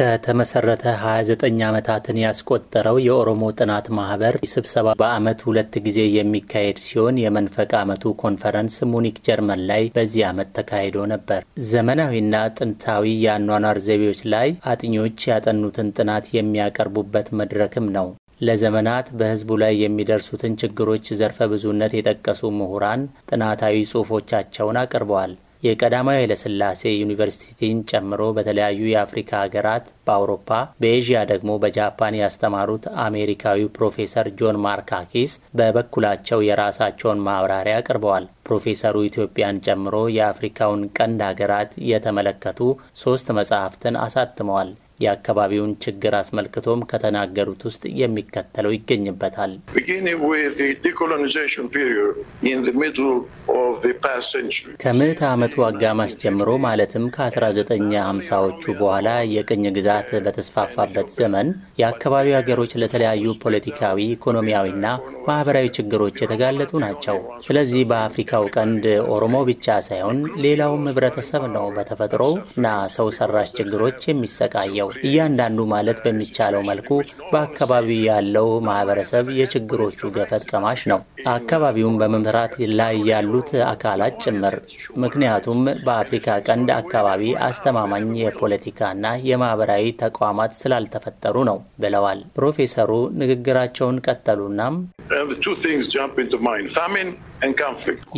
ከተመሰረተ 29 ዓመታትን ያስቆጠረው የኦሮሞ ጥናት ማህበር ስብሰባ በዓመት ሁለት ጊዜ የሚካሄድ ሲሆን የመንፈቅ ዓመቱ ኮንፈረንስ ሙኒክ ጀርመን ላይ በዚህ ዓመት ተካሂዶ ነበር። ዘመናዊና ጥንታዊ የአኗኗር ዘይቤዎች ላይ አጥኚዎች ያጠኑትን ጥናት የሚያቀርቡበት መድረክም ነው። ለዘመናት በሕዝቡ ላይ የሚደርሱትን ችግሮች ዘርፈ ብዙነት የጠቀሱ ምሁራን ጥናታዊ ጽሑፎቻቸውን አቅርበዋል። የቀዳማዊ ኃይለሥላሴ ዩኒቨርሲቲን ጨምሮ በተለያዩ የአፍሪካ ሀገራት በአውሮፓ በኤዥያ ደግሞ በጃፓን ያስተማሩት አሜሪካዊው ፕሮፌሰር ጆን ማርካኪስ በበኩላቸው የራሳቸውን ማብራሪያ አቅርበዋል። ፕሮፌሰሩ ኢትዮጵያን ጨምሮ የአፍሪካውን ቀንድ ሀገራት የተመለከቱ ሶስት መጽሐፍትን አሳትመዋል። የአካባቢውን ችግር አስመልክቶም ከተናገሩት ውስጥ የሚከተለው ይገኝበታል። ከምዕተ ዓመቱ አጋማሽ ጀምሮ ማለትም ከ1950ዎቹ በኋላ የቅኝ ግዛት በተስፋፋበት ዘመን የአካባቢው ሀገሮች ለተለያዩ ፖለቲካዊ፣ ኢኮኖሚያዊና ማኅበራዊ ችግሮች የተጋለጡ ናቸው። ስለዚህ በአፍሪካው ቀንድ ኦሮሞ ብቻ ሳይሆን ሌላውም ህብረተሰብ ነው በተፈጥሮ ና ሰው ሰራሽ ችግሮች የሚሰቃየው። እያንዳንዱ ማለት በሚቻለው መልኩ በአካባቢው ያለው ማኅበረሰብ የችግሮቹ ገፈት ቀማሽ ነው። አካባቢውን በመምራት ላይ ያሉ ባሉት አካላት ጭምር። ምክንያቱም በአፍሪካ ቀንድ አካባቢ አስተማማኝ የፖለቲካና የማህበራዊ ተቋማት ስላልተፈጠሩ ነው ብለዋል ፕሮፌሰሩ። ንግግራቸውን ቀጠሉናም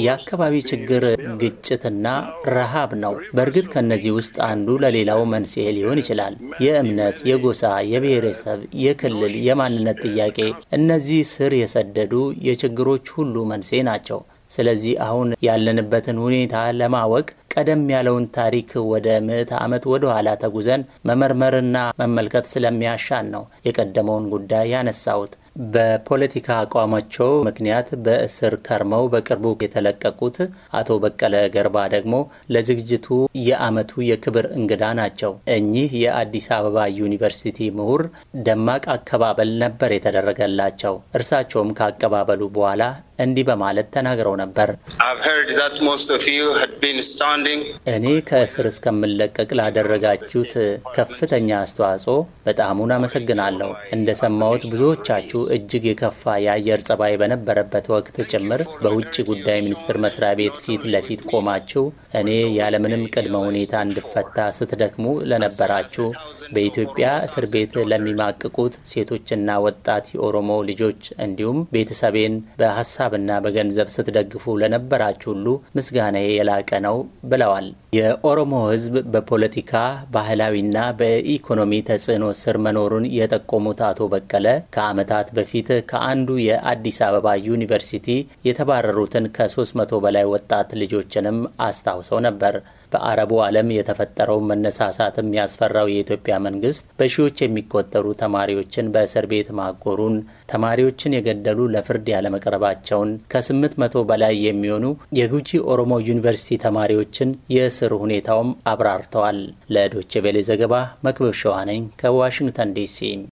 የአካባቢ ችግር ግጭትና ረሃብ ነው። በእርግጥ ከእነዚህ ውስጥ አንዱ ለሌላው መንስኤ ሊሆን ይችላል። የእምነት፣ የጎሳ፣ የብሔረሰብ፣ የክልል፣ የማንነት ጥያቄ እነዚህ ስር የሰደዱ የችግሮች ሁሉ መንስኤ ናቸው። ስለዚህ አሁን ያለንበትን ሁኔታ ለማወቅ ቀደም ያለውን ታሪክ ወደ ምዕተ ዓመት ወደ ኋላ ተጉዘን መመርመርና መመልከት ስለሚያሻን ነው የቀደመውን ጉዳይ ያነሳሁት። በፖለቲካ አቋማቸው ምክንያት በእስር ከርመው በቅርቡ የተለቀቁት አቶ በቀለ ገርባ ደግሞ ለዝግጅቱ የዓመቱ የክብር እንግዳ ናቸው። እኚህ የአዲስ አበባ ዩኒቨርሲቲ ምሁር ደማቅ አከባበል ነበር የተደረገላቸው። እርሳቸውም ከአቀባበሉ በኋላ እንዲህ በማለት ተናግረው ነበር። እኔ ከእስር እስከምለቀቅ ላደረጋችሁት ከፍተኛ አስተዋጽኦ በጣሙን አመሰግናለሁ። እንደሰማሁት ብዙዎቻችሁ እጅግ የከፋ የአየር ጸባይ በነበረበት ወቅት ጭምር በውጭ ጉዳይ ሚኒስትር መስሪያ ቤት ፊት ለፊት ቆማችሁ እኔ ያለምንም ቅድመ ሁኔታ እንድፈታ ስትደክሙ ለነበራችሁ፣ በኢትዮጵያ እስር ቤት ለሚማቅቁት ሴቶችና ወጣት የኦሮሞ ልጆች እንዲሁም ቤተሰቤን በሀሳብና በገንዘብ ስትደግፉ ለነበራችሁ ሁሉ ምስጋናዬ የላቀ ነው ብለዋል። የኦሮሞ ሕዝብ በፖለቲካ ባህላዊና በኢኮኖሚ ተጽዕኖ ስር መኖሩን የጠቆሙት አቶ በቀለ ከዓመታት በፊት ከአንዱ የአዲስ አበባ ዩኒቨርሲቲ የተባረሩትን ከ300 በላይ ወጣት ልጆችንም አስታውሰው ነበር። በአረቡ ዓለም የተፈጠረው መነሳሳትም ያስፈራው የኢትዮጵያ መንግስት በሺዎች የሚቆጠሩ ተማሪዎችን በእስር ቤት ማጎሩን፣ ተማሪዎችን የገደሉ ለፍርድ ያለመቅረባቸውን፣ ከ መቶ በላይ የሚሆኑ የጉጂ ኦሮሞ ዩኒቨርሲቲ ተማሪዎችን የእስር ሁኔታውም አብራርተዋል። ለዶቼ ቬሌ ዘገባ መክበብ ሸዋነኝ ከዋሽንግተን ዲሲ